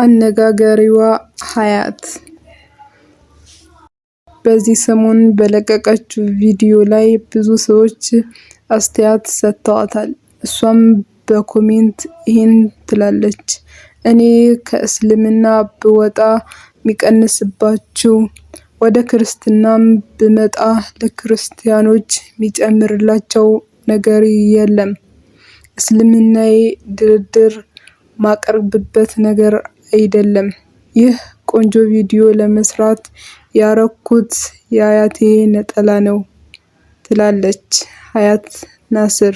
አነጋጋሪዋ ሀያት በዚህ ሰሞን በለቀቀችው ቪዲዮ ላይ ብዙ ሰዎች አስተያየት ሰጥተዋታል። እሷም በኮሜንት ይህን ትላለች፣ እኔ ከእስልምና ብወጣ የሚቀንስባችሁ ወደ ክርስትናም ብመጣ ለክርስቲያኖች የሚጨምርላቸው ነገር የለም። እስልምናዬ ድርድር ማቀርብበት ነገር አይደለም። ይህ ቆንጆ ቪዲዮ ለመስራት ያረኩት የአያቴ ነጠላ ነው ትላለች ሀያት ናስር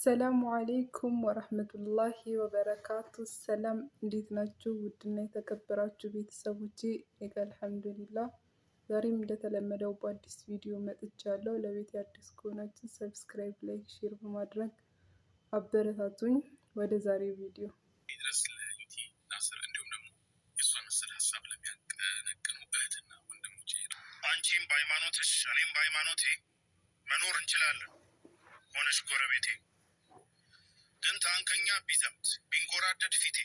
አሰላሙ አሌይኩም ወረህመቱላሂ ወበረካቱ። ሰላም እንዴት ናችሁ? ውድና የተከበራችሁ ቤተሰቦቼ እኔ አልሐምዱሊላህ ዛሬም እንደተለመደው በአዲስ ቪዲዮ መጥቻለሁ። ለቤት አዲስ ከሆናችሁ ሰብስክራይብ፣ ላይክ፣ ሼር በማድረግ አበረታቱኝ። ወደ ዛሬ ቪዲዮ ድረስ አንቺም በሃይማኖትሽ እኔም በሃይማኖቴ መኖር እንችላለን ሆነሽ ጎረቤቴ ግን አንከኛ ቢዘምት ቢንጎራደድ ፊቴ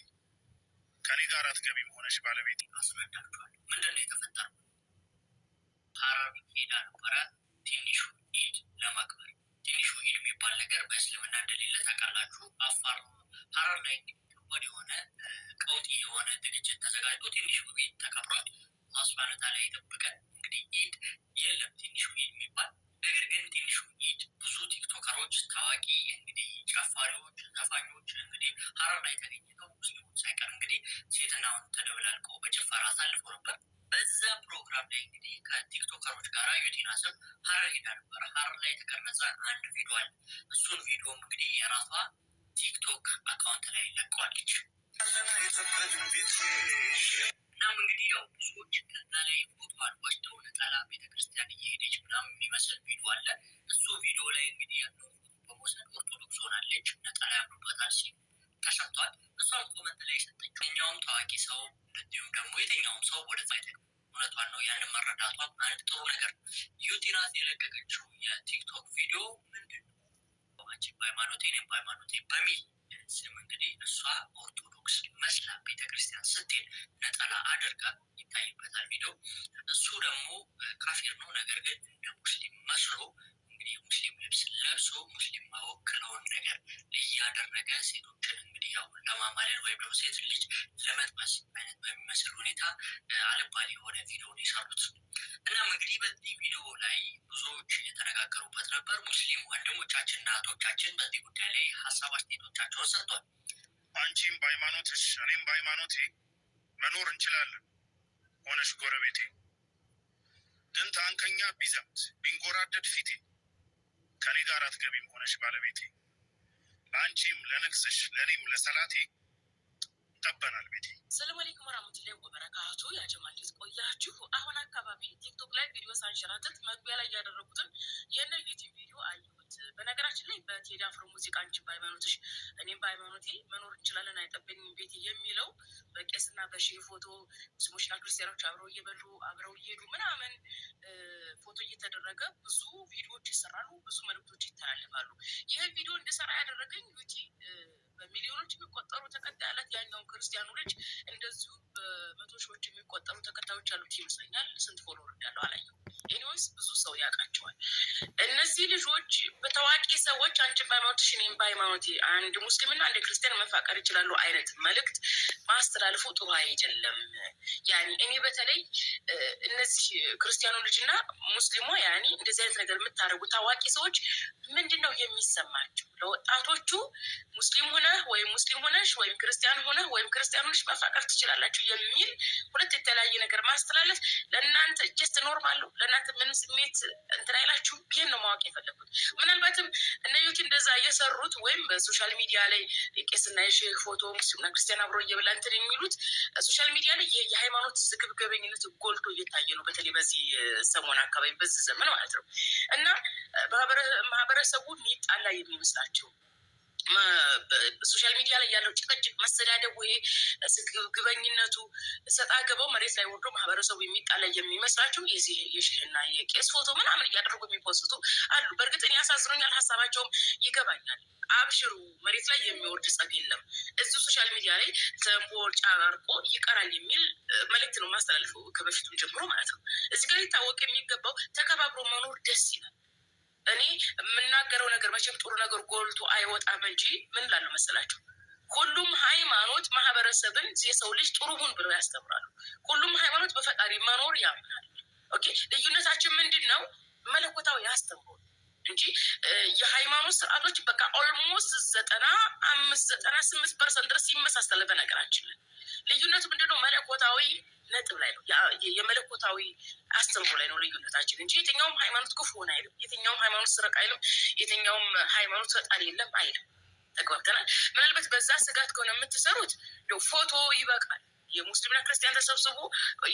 ከኔ ጋር አትገቢም ሆነሽ ባለቤት አስረዳቸዋል። ምንድን ነው የተፈጠረው? ሀራር ሄዳ ነበረ ትንሹ ኢድ ለማክበር። ትንሹ ኢድ የሚባል ነገር በእስልምና እንደሌለ ታውቃላችሁ። አፋር ሀራር ላይ ወደ የሆነ ቀውጢ የሆነ ዝግጅት ተዘጋጅቶ ትንሹ ቤት ተከብሯል። አስፋነታ ላይ የጠብቀን እንግዲህ ኢድ የለም ትንሹ ኢድ የሚባል ነገር ግን ትንሽ ውይይት ብዙ ቲክቶከሮች፣ ታዋቂ እንግዲህ ጨፋሪዎች፣ ዘፋኞች እንግዲህ ሀረር ላይ ነው ሙስሊሞች ሳይቀር እንግዲህ ሴትናውን ተደበላልቀው በጭፈራ አሳልፎ ነበር። በዛ ፕሮግራም ላይ እንግዲህ ከቲክቶከሮች ጋር ዩቲና ስም ሀረር ሄዳ ነበር። ሀረር ላይ የተቀረጸ አንድ ቪዲዮ አለ። እሱን ቪዲዮም እንግዲህ የራሷ ቲክቶክ አካውንት ላይ ለቀዋለች። እናም እንግዲህ ያው ብዙዎች ከዛ ላይ መጠለያ የሰጠችው የትኛውም ታዋቂ ሰው እንዲሁም ደግሞ የትኛውም ሰው ወደ አይደለም። እውነቷን ነው። ያንን መረዳቷ አንድ ጥሩ ነገር። ዩቲ የለቀቀችው የቲክቶክ ቪዲዮ ምንድን ነው በሃይማኖቴ እኔም በሃይማኖቴ በሚል ስም እንግዲህ እሷ ኦርቶዶክስ መስላ ቤተክርስቲያን ስትሄድ ነጠላ አድርጋ ይታይበታል ቪዲዮ። እሱ ደግሞ ካፊር ነው፣ ነገር ግን እንደ ሙስሊም መስሎ እንግዲህ ሙስሊም ልብስ ለብሶ ሙስሊም ማወክለውን ነገር እያደረገ ሴቶችን ያው ለማማለል ወይም ደግሞ ሴት ልጅ ለመጥመስ አይነት በሚመስል ሁኔታ አልባሌ የሆነ ቪዲዮ ነው የሰሩት። እናም እንግዲህ በዚህ ቪዲዮ ላይ ብዙዎች የተነጋገሩበት ነበር። ሙስሊም ወንድሞቻችን እና እህቶቻችን በዚህ ጉዳይ ላይ ሀሳብ አስተያየቶቻቸውን ሰጥቷል። አንቺም በሃይማኖትሽ እኔም በሃይማኖቴ መኖር እንችላለን ሆነሽ ጎረቤቴ ግን ታንከኛ ቢዘምት ቢንጎራደድ ፊቴ ከኔ ጋር አትገቢም ሆነሽ ባለቤቴ ለአንቺም ለንግስሽ ለእኔም ለሰላቴ ጠበናል ቤቲ ሰላም አለይኩም ወራህመቱላሂ ወበረካቱ። ያጀማልት ቆያችሁ። አሁን አካባቢ ቲክቶክ ላይ ቪዲዮ ሳንሸራተት መግቢያ ላይ ያደረጉትን የነ ዩቲዩብ ቪዲዮ አየሁ። በነገራችን ላይ በቴዲ አፍሮ ሙዚቃ አንቺ በሃይማኖትሽ እኔም በሃይማኖቴ መኖር እንችላለን አይጠበኝም ቤት የሚለው በቄስና በሼህ ፎቶ ሙስሊሞችና ክርስቲያኖች አብረው እየበሉ አብረው እየሄዱ ምናምን ፎቶ እየተደረገ ብዙ ቪዲዮዎች ይሰራሉ፣ ብዙ መልዕክቶች ይተላለፋሉ። ይህ ቪዲዮ እንድሰራ ያደረገኝ ዩቲ በሚሊዮኖች የሚቆጠሩ ተከታይ ያላት ያኛውን ክርስቲያኑ ልጅ እንደዚሁ በመቶ ሺዎች የሚቆጠሩ ተከታዮች አሉት ይመስለኛል። ስንት ፎሎወር እንዳለው አላየሁም። ኤኒዌይስ ብዙ ሰው ያውቃቸዋል። እነዚህ ልጆች በታዋቂ ሰዎች አንች በሃይማኖትሽ እኔም በሃይማኖት አንድ ሙስሊምና አንድ ክርስቲያን መፋቀር ይችላሉ አይነት መልእክት ማስተላለፉ ጥሩ አይደለም። ያኒ እኔ በተለይ እነዚህ ክርስቲያኑ ልጅና ሙስሊሙ ያኒ እንደዚህ አይነት ነገር የምታደርጉ ታዋቂ ሰዎች ምንድን ነው የሚሰማቸው? ለወጣቶቹ ሙስሊም ሆነህ ወይም ሙስሊም ሆነሽ ወይም ክርስቲያን ሆነህ ወይም ክርስቲያኑ ልጅ መፋቀር ትችላላችሁ የሚል ሁለት የተለያየ ነገር ማስተላለፍ ለእናንተ ጀስት ኖርማሉ ለእናንተ ምንም ስሜት እንትን አይላችሁም። ይህን ነው ማወቅ የፈለጉት ምናልባትም እነ ዩቲ እንደዛ የሰሩት ወይም በሶሻል ሚዲያ ላይ ቄስና የሼህ ፎቶ ሙስሊምና ክርስቲያን አብሮ እየበላ እንትን የሚሉት ሶሻል ሚዲያ ላይ የሃይማኖት ዝግብገበኝነት ጎልቶ እየታየ ነው። በተለይ በዚህ ሰሞን አካባቢ በዚህ ዘመን ማለት ነው እና ማህበረሰቡ ሚጣላ የሚመስላቸው ሶሻል ሚዲያ ላይ ያለው ጭቅጭቅ፣ መሰዳደቡ፣ ይሄ ግበኝነቱ ሰጣ ገባው መሬት ላይ ወርዶ ማህበረሰቡ የሚጣላ የሚመስላቸው የዚህ የሽህና የቄስ ፎቶ ምናምን እያደረጉ የሚፖስቱ አሉ። በእርግጥ እኔ ያሳዝኑኛል፣ ሀሳባቸውም ይገባኛል። አብሽሩ፣ መሬት ላይ የሚወርድ ጸብ የለም። እዚሁ ሶሻል ሚዲያ ላይ ተንቦ ጫርቆ ይቀራል የሚል መልእክት ነው ማስተላልፈው ከበፊቱም ጀምሮ ማለት ነው። እዚህ ጋር ሊታወቅ የሚገባው ተከባብሮ መኖር ደስ ይላል። እኔ የምናገረው ነገር መቼም ጥሩ ነገር ጎልቶ አይወጣም እንጂ ምን ላለው መሰላቸው ሁሉም ሃይማኖት ማህበረሰብን የሰው ልጅ ጥሩ ሁን ብሎ ያስተምራሉ። ሁሉም ሃይማኖት በፈጣሪ መኖር ያምናል። ኦኬ ልዩነታችን ምንድን ነው? መለኮታዊ ያስተምሩ እንጂ የሃይማኖት ስርዓቶች በቃ ኦልሞስት ዘጠና አምስት ዘጠና ስምንት ፐርሰንት ድረስ ይመሳሰል። በነገራችን ልዩነቱ ምንድነው? መለኮታዊ ነጥብ ላይ ነው። የመለኮታዊ አስተምሮ ላይ ነው ልዩነታችን እንጂ የትኛውም ሃይማኖት ክፉ ሆነ አይልም። የትኛውም ሃይማኖት ስረቅ አይልም። የትኛውም ሃይማኖት ፈጣሪ የለም አይልም። ተግባብተናል። ምናልባት በዛ ስጋት ከሆነ የምትሰሩት ፎቶ ይበቃል። የሙስሊምና ክርስቲያን ተሰብስቦ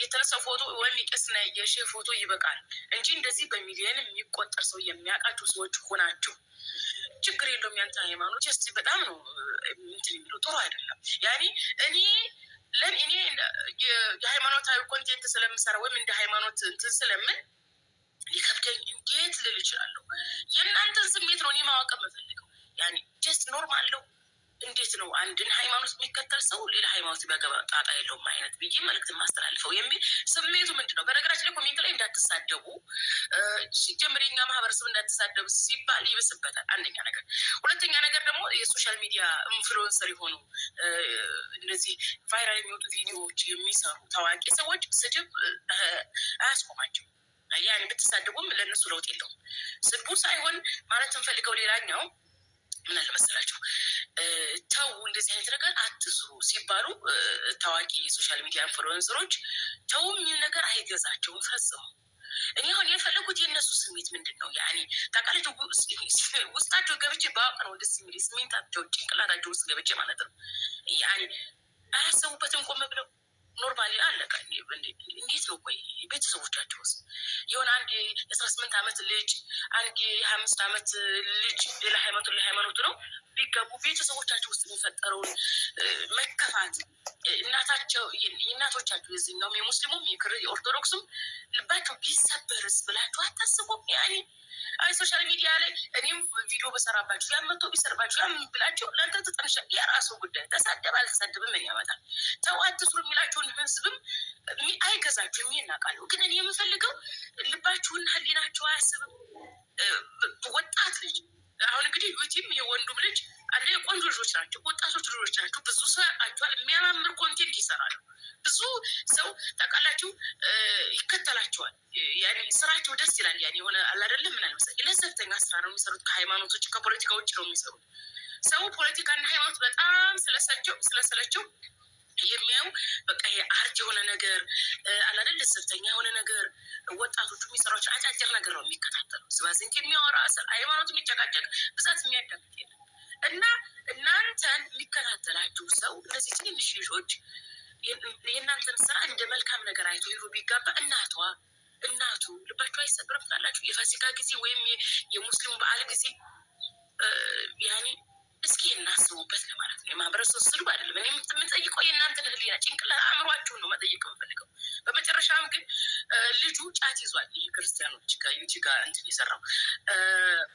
የተነሳ ፎቶ ወይም የቄስና የሼህ ፎቶ ይበቃል እንጂ እንደዚህ በሚሊዮን የሚቆጠር ሰው የሚያውቃቸው ሰዎች ሆናቸው ችግር የለውም። ያንተ ሃይማኖት ስ በጣም ነው እንትን የሚለው ጥሩ አይደለም። ያኔ እኔ እኔ የሃይማኖታዊ ኮንቴንት ስለምሰራ ወይም እንደ ሃይማኖት እንትን ስለምን ሊከብደኝ እንዴት ልል እችላለሁ? የእናንተን ስሜት ነው እኔ ማወቅ የምፈልገው። ያኔ ጀስት ኖርማል ነው እንዴት ነው አንድን ሃይማኖት የሚከተል ሰው ሌላ ሃይማኖት ቢያገባ ጣጣ የለውም አይነት ብዬ መልዕክት ማስተላልፈው የሚል ስሜቱ ምንድን ነው? በነገራችን ላይ ኮሜንት ላይ እንዳትሳደቡ ሲጀምር የኛ ማህበረሰብ እንዳትሳደቡ ሲባል ይብስበታል። አንደኛ ነገር፣ ሁለተኛ ነገር ደግሞ የሶሻል ሚዲያ ኢንፍሉዌንሰር የሆኑ እነዚህ ቫይራል የሚወጡ ቪዲዮዎች የሚሰሩ ታዋቂ ሰዎች ስድብ አያስቆማቸው ያን ብትሳደቡም ለእነሱ ለውጥ የለውም። ስድቡ ሳይሆን ማለት እንፈልገው ሌላኛው ምን አለ መሰላችሁ እንደዚህ አይነት ነገር አትስሩ ሲባሉ ታዋቂ የሶሻል ሚዲያ ኢንፍሉዌንሰሮች ተው የሚል ነገር አይገዛቸውም ፈጽሞ። እኔ አሁን የፈለጉት የእነሱ ስሜት ምንድን ነው? ያኔ ታውቃለች፣ ውስጣቸው ገብቼ በአውቅ ነው ደስ የሚል ስሜታቸው ጭንቅላታቸው ውስጥ ገብቼ ማለት ነው። ያኔ አያሰቡበትም ቆመ ብለው ኖርማሊ አለቀ። እንዴት ነው ቆይ ቤተሰቦቻቸው ውስጥ የሆነ አንድ የአስራ ስምንት ዓመት ልጅ አንድ የሀያ አምስት ዓመት ልጅ ሌላ ሃይማኖት ሃይማኖቱን ሃይማኖት ነው ቢገቡ ቤተሰቦቻቸው ውስጥ የሚፈጠረውን መከፋት እናታቸው እናቶቻቸው የዚህ ነው የሙስሊሙም የክር የኦርቶዶክሱም ልባቸው ቢሰበርስ ብላችሁ አታስቡም? ያኔ አይ ሶሻል ሚዲያ ላይ እኔም ቪዲዮ በሰራባችሁ ያን መቶ ቢሰርባችሁ ያን ብላችሁ ለንተ ተጠንሻ የራሱ ጉዳይ ተሳደብ አልተሳደብም ምን ያመጣል? ተው አትስሩ የሚላችሁ የሀገሪቱን ህዝብም አይገዛችሁም። ይሄን አውቃለሁ። ግን እኔ የምፈልገው ልባችሁና ህሊናችሁ አያስብም። ወጣት ልጅ አሁን እንግዲህ ዩቲም የወንዱም ልጅ አንደ ቆንጆ ልጆች ናቸው፣ ወጣቶች ልጆች ናቸው። ብዙ ሰው አቸዋል። የሚያማምር ኮንቴንት ይሰራሉ። ብዙ ሰው ታውቃላችሁ ይከተላቸዋል። ያኔ ስራቸው ደስ ይላል። ያኔ የሆነ አላደለም ምን አልመሰለኝ ለዘብተኛ ስራ ነው የሚሰሩት። ከሃይማኖቶች ውጭ ከፖለቲካ ውጭ ነው የሚሰሩት። ሰው ፖለቲካና ሃይማኖት በጣም ስለሰቸው ስለሰለቸው የሚያዩ በቃ ይሄ አርጅ የሆነ ነገር አላደል ስልተኛ የሆነ ነገር ወጣቶቹ የሚሰራቸው አጫጭር ነገር ነው የሚከታተሉ። ስባዝንክ የሚያወራ ሃይማኖት የሚጨቃጨቅ ብዛት የሚያዳምጥ የለም እና እናንተን የሚከታተላችሁ ሰው እነዚህ ትንንሽ ልጆች የእናንተን ስራ እንደ መልካም ነገር አይቶ ይሉ ቢጋባ እናቷ እናቱ ልባችሁ አይሰብርም ትላላችሁ። የፋሲካ ጊዜ ወይም የሙስሊሙ በዓል ጊዜ ያኔ እስኪ እናስቡበት ነው ማለት ነው። የማህበረሰብ ስድብ አይደለም። እኔ የምጠይቀው የእናንተን ህሊና ጭንቅላ አእምሯችሁን ነው መጠየቅ የምፈልገው። በመጨረሻም ግን ልጁ ጫት ይዟል። ይህ ክርስቲያኖች ከዩቲ ጋር እንትን የሰራው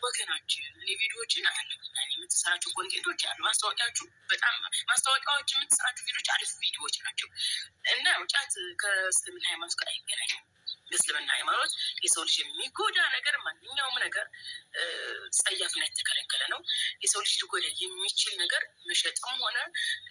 ወገናችን፣ እኔ ቪዲዮዎችን አያለሁ። የምትሰራቸው ኮንቴንቶች አሉ፣ ማስታወቂያችሁ በጣም ማስታወቂያዎች፣ የምትሰራቸው ቪዲዮች አሪፍ ቪዲዮዎች ናቸው እና ጫት ከእስልምና ሃይማኖት ጋር አይገናኝም። በእስልምና ሃይማኖት የሰው ልጅ የሚጎዳ ነገር ማንኛውም ነገር ጸያፍና የተከለከለ ነው። የሰው ልጅ ሊጎዳ የሚችል ነገር መሸጥም ሆነ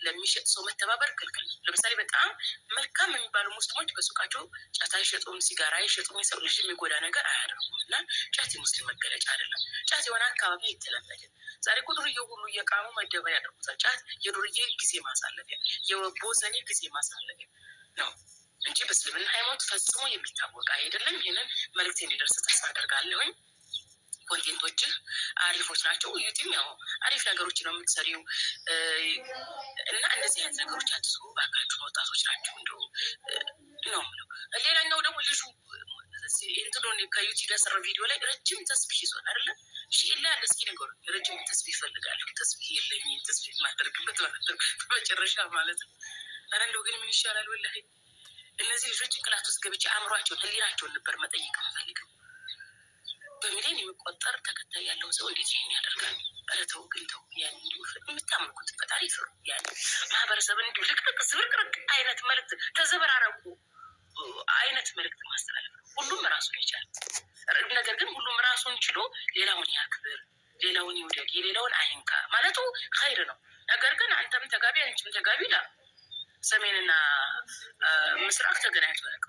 ለሚሸጥ ሰው መተባበር ክልክል ነው። ለምሳሌ በጣም መልካም የሚባሉ ሙስሊሞች በሱቃቸው ጫት አይሸጡም፣ ሲጋራ አይሸጡም። የሰው ልጅ የሚጎዳ ነገር አያደርጉም እና ጫት የሙስሊም መገለጫ አይደለም። ጫት የሆነ አካባቢ የተለመደ ዛሬ እኮ ዱርዬ ሁሉ እየቃሙ መደበር ያደርጉታል። ጫት የዱርዬ ጊዜ ማሳለፊያ፣ የቦዘኔ ጊዜ ማሳለፊያ ነው። እንጂ በእስልምና ሃይማኖት ፈጽሞ የሚታወቅ አይደለም። ይህንን መልእክት እንዲደርስ ተስፋ አደርጋለሁኝ። ኮንቴንቶችህ አሪፎች ናቸው። ዩቲም ያው አሪፍ ነገሮች ነው የምትሰሪው እና እንደዚህ አይነት ነገሮች አትስሩ ባካችሁ፣ ወጣቶች ናቸው እንደ ነው ምለው። ሌላኛው ደግሞ ልጁ እንትሎን ከዩቲብ ያሰራው ቪዲዮ ላይ ረጅም ተስቢህ ይዞን አይደለ? እሺ ላ ያለ እስኪ ነገሩ ረጅም ተስቢህ ይፈልጋለሁ። ተስቢህ የለኝም። ተስቢህ ማደርግበት ማለት ነው በመጨረሻ ማለት ነው። ኧረ እንደው ግን ምን ይሻላል ወላሂ እነዚህ ልጆች ጭንቅላት ውስጥ ገብቼ አእምሯቸውን፣ ህሊናቸውን ነበር መጠየቅ የምፈልገው። በሚሊዮን የሚቆጠር ተከታይ ያለው ሰው እንዴት ይህን ያደርጋል? ኧረ ግን ተው። ያን የምታመልኩት ፈጣሪ ፍሩ። ያን ማህበረሰብን እንዲሁ ልቅልቅ ዝብርቅርቅ አይነት መልክት ተዘበራረቁ አይነት መልዕክት ማስተላለፍ ነው። ሁሉም ራሱን ይቻል። ነገር ግን ሁሉም ራሱን ችሎ ሌላውን ያክብር፣ ሌላውን ይውደድ፣ የሌላውን አይንካ ማለቱ ኸይር ነው። ነገር ግን አንተም ተጋቢ አንችም ተጋቢ ላ ሰሜንና ምስራቅ ተገናኝቶ ያውቅ፣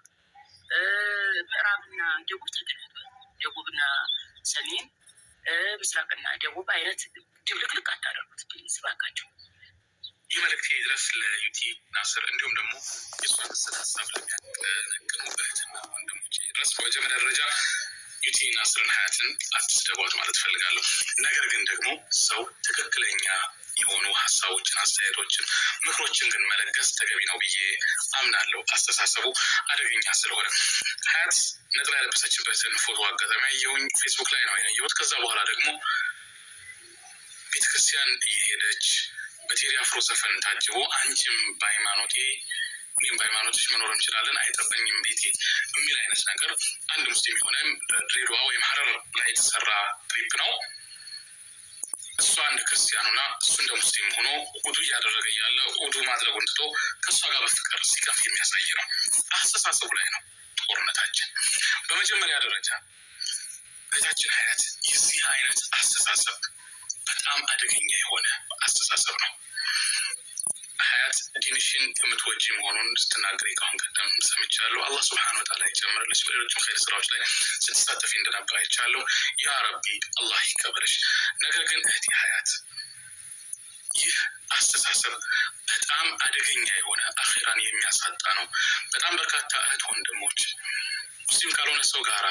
ምዕራብና ደቡብ ተገናኝቶ ደቡብና ሰሜን፣ ምስራቅና ደቡብ አይነት ድብልቅልቅ አታደርጉት። ስባካቸው ይህ መልእክት ድረስ ለዩቲ ናስር እንዲሁም ደግሞ የሱ የሷን ሀሳብ ለሚያጠነቅኑ እህትና ወንድሞች ድረስ በመጀመሪያ ደረጃ ዩቲን አስርን ሀያትን አትስደቧት ማለት ፈልጋለሁ። ነገር ግን ደግሞ ሰው ትክክለኛ የሆኑ ሀሳቦችን፣ አስተያየቶችን፣ ምክሮችን ግን መለገስ ተገቢ ነው ብዬ አምናለሁ። አስተሳሰቡ አደገኛ ስለሆነ ሀያት ነጥላ ያለበሰችበትን ፎቶ አጋጣሚ ያየሁኝ ፌስቡክ ላይ ነው ያየሁት። ከዛ በኋላ ደግሞ ቤተክርስቲያን እየሄደች በቴዲ አፍሮ ዘፈን ታጅቦ አንቺም በሃይማኖቴ እኔም በሃይማኖቶች መኖር እንችላለን አይጠበኝም ቤቴ የሚል አይነት ነገር አንድ ሙስሊም የሆነ ድሬዳዋ ወይም ሀረር ላይ የተሰራ ትሪፕ ነው። እሷ እንደ ክርስቲያኑና እሱ እንደ ሙስሊም ሆኖ ውዱ እያደረገ እያለ ውዱ ማድረጉ እንትቶ ከእሷ ጋር በፍቅር ሲከፍ የሚያሳይ ነው። አስተሳሰቡ ላይ ነው ጦርነታችን። በመጀመሪያ ደረጃ ቤታችን ሀያት የዚህ አይነት አስተሳሰብ በጣም አደገኛ የሆነ አስተሳሰብ ነው። ማለት ዲንሽን የምትወጂ መሆኑን ስትናገሪ ከአሁን ቀደም ሰምቻለሁ። አላህ ስብሐነ ወተዓላ ይጨምርልሽ። በሌሎችም ኸይር ስራዎች ላይ ስትሳተፊ እንደነበር አይቻለሁ። ያ ረቢ አላህ ይከበርሽ። ነገር ግን እህቲ ሀያት ይህ አስተሳሰብ በጣም አደገኛ የሆነ አኼራን የሚያሳጣ ነው። በጣም በርካታ እህት ወንድሞች ሙስሊም ካልሆነ ሰው ጋራ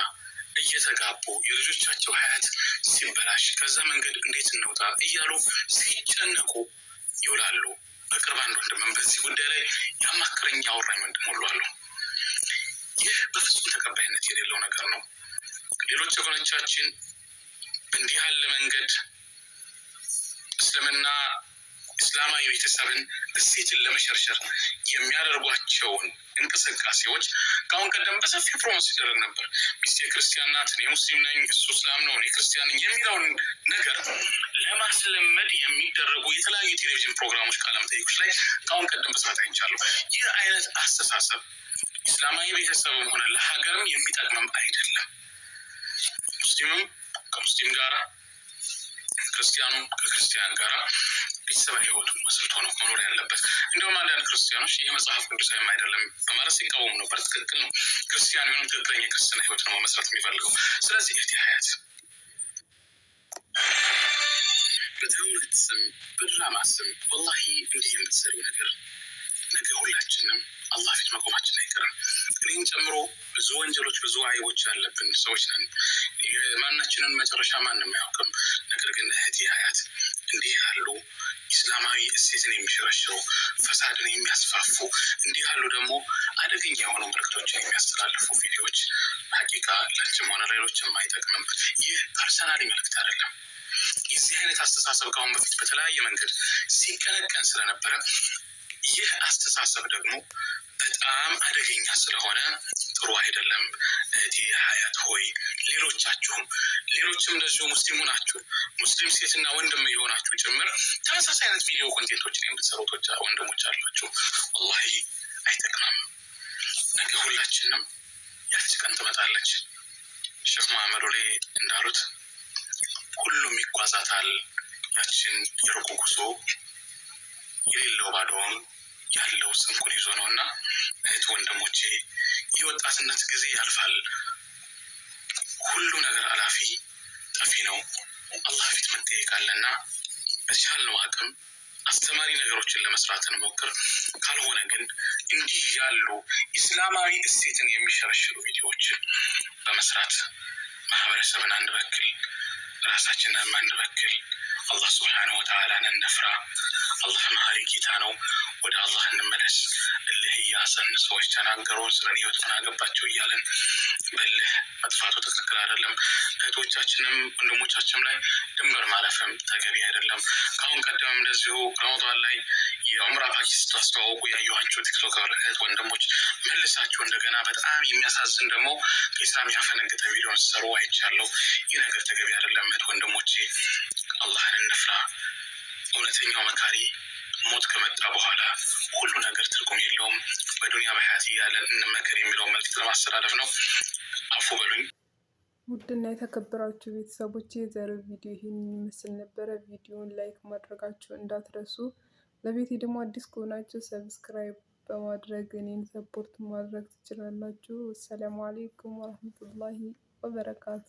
እየተጋቡ የልጆቻቸው ሀያት ሲበላሽ ከዛ መንገድ እንዴት እንውጣ እያሉ ሲጨነቁ ይውላሉ። በቅርብ አንድ ወንድምን በዚህ ጉዳይ ላይ ያማክረኝ ያወራኝ ወንድም ሁሉ አለው። ይህ በፍጹም ተቀባይነት የሌለው ነገር ነው። ሌሎች ወገኖቻችን እንዲህ ያለ መንገድ እስልምና እስላማዊ ቤተሰብን እሴትን ለመሸርሸር የሚያደርጓቸውን እንቅስቃሴዎች ከአሁን ቀደም በሰፊው ፕሮሞት ሲደረግ ነበር። ሚስቴ ክርስቲያን ናት፣ እኔ ሙስሊም ነኝ፣ እሱ እስላም ነው፣ እኔ ክርስቲያን ነኝ የሚለውን ነገር ለማስለመድ የሚደረጉ የተለያዩ ቴሌቪዥን ፕሮግራሞች፣ ቃለ መጠይቆች ላይ ከአሁን ቀደም በስፋት አይቻለሁ። ይህ አይነት አስተሳሰብ እስላማዊ ቤተሰብም ሆነ ለሀገርም የሚጠቅምም አይደለም። ሙስሊምም ከሙስሊም ጋራ ክርስቲያኑ ከክርስቲያን ጋራ ቤተሰባዊ ህይወቱን መስርቶ ነው መኖር ያለበት። እንዲሁም አንዳንድ ክርስቲያኖች ይህ መጽሐፍ ቅዱሳዊ አይደለም በማለት ሲቃወሙ ነበር። ትክክል ነው። ክርስቲያን ሆኑ ትክክለኛ ክርስትና ህይወት ነው መመስረት የሚፈልገው። ስለዚህ እህቴ ሀያት በተውነት ስም በድራማ ስም ወላሂ እንዲህ የምትሰሩ ነገር ነገ ሁላችንም አላህ ፊት መቆማችን አይቀርም። እኔን ጨምሮ ብዙ ወንጀሎች፣ ብዙ አይቦች ያለብን ሰዎች ነን። የማናችንን መጨረሻ ማንም አያውቅም። ነገር ግን እህቴ ሀያት እንዲህ ያሉ እስላማዊ እሴትን የሚሸረሽሩ ፈሳድን የሚያስፋፉ እንዲህ ያሉ ደግሞ አደገኛ የሆኑ ምልክቶችን የሚያስተላልፉ ቪዲዮዎች ሀቂቃ ላንችም ሆነ ሌሎችም አይጠቅምም። ይህ ፐርሰናሊ ምልክት አይደለም። የዚህ አይነት አስተሳሰብ ከአሁን በፊት በተለያየ መንገድ ሲቀነቀን ስለነበረ ይህ አስተሳሰብ ደግሞ በጣም አደገኛ ስለሆነ ጥሩ አይደለም። እህቴ ሀያት ሆይ ሌሎቻችሁም ሌሎችም እንደዚሁ ሙስሊሙ ናችሁ ሙስሊም ሴትና ወንድም የሆናችሁ ጭምር ተመሳሳይ አይነት ቪዲዮ ኮንቴንቶችን የምትሰሩት ወንድሞች አላችሁ። ወላሂ አይጠቅምም። ነገ ሁላችንም ያች ቀን ትመጣለች። ሼክ መሀመዱ ላይ እንዳሉት ሁሉም ይጓዛታል። ያችን የሩቁ ጉዞ የሌለው ባዶውን ያለው ስንቁን ይዞ ነው እና እህት ወንድሞቼ የወጣትነት ጊዜ ያልፋል። ሁሉ ነገር አላፊ ጠፊ ነው። አላህ ፊት መጠየቃለና በቻልነው አቅም አስተማሪ ነገሮችን ለመስራት እንሞክር። ካልሆነ ግን እንዲህ ያሉ ኢስላማዊ እሴትን የሚሸረሽሩ ቪዲዮዎችን በመስራት ማህበረሰብን አንበክል፣ ራሳችንን አንበክል። አላህ ስብሓነሁ ወተዓላን እንፍራ። አላህ መሀሪ ጌታ ነው። ወደ አላህ እንመለስ። ያሰን ሰዎች ተናገሩ፣ ስለ ህይወት ምን አገባቸው እያለን በልህ መጥፋቱ ትክክል አይደለም። እህቶቻችንም ወንድሞቻችንም ላይ ድንበር ማለፍም ተገቢ አይደለም። ከአሁን ቀደም እንደዚሁ ረመዳን ላይ የዑምራ ፓኪስ ስታስተዋውቁ ያየኋቸው ቲክቶክ እህት ወንድሞች መልሳቸው እንደገና በጣም የሚያሳዝን ደግሞ ከኢስላም ያፈነግጠ ቪዲዮን ሰሩ አይቻለሁ። ይህ ነገር ተገቢ አይደለም። እህት ወንድሞቼ አላህን እንፍራ። እውነተኛው መካሪ ሞት ከመጣ በኋላ ሁሉ ነገር ትርጉም የለውም፣ በዱኒያ በሀያት እያለን እንመከር የሚለው መልዕክት ለማስተላለፍ ነው። አፉ በሉኝ። ውድና የተከበራችሁ ቤተሰቦች የዛሬው ቪዲዮ ይህን ይመስል ነበረ። ቪዲዮን ላይክ ማድረጋችሁ እንዳትረሱ። ለቤቴ ደግሞ አዲስ ከሆናችሁ ሰብስክራይብ በማድረግ እኔን ሰፖርት ማድረግ ትችላላችሁ። ሰላም አሌይኩም ወረህመቱላሂ ወበረካቱ።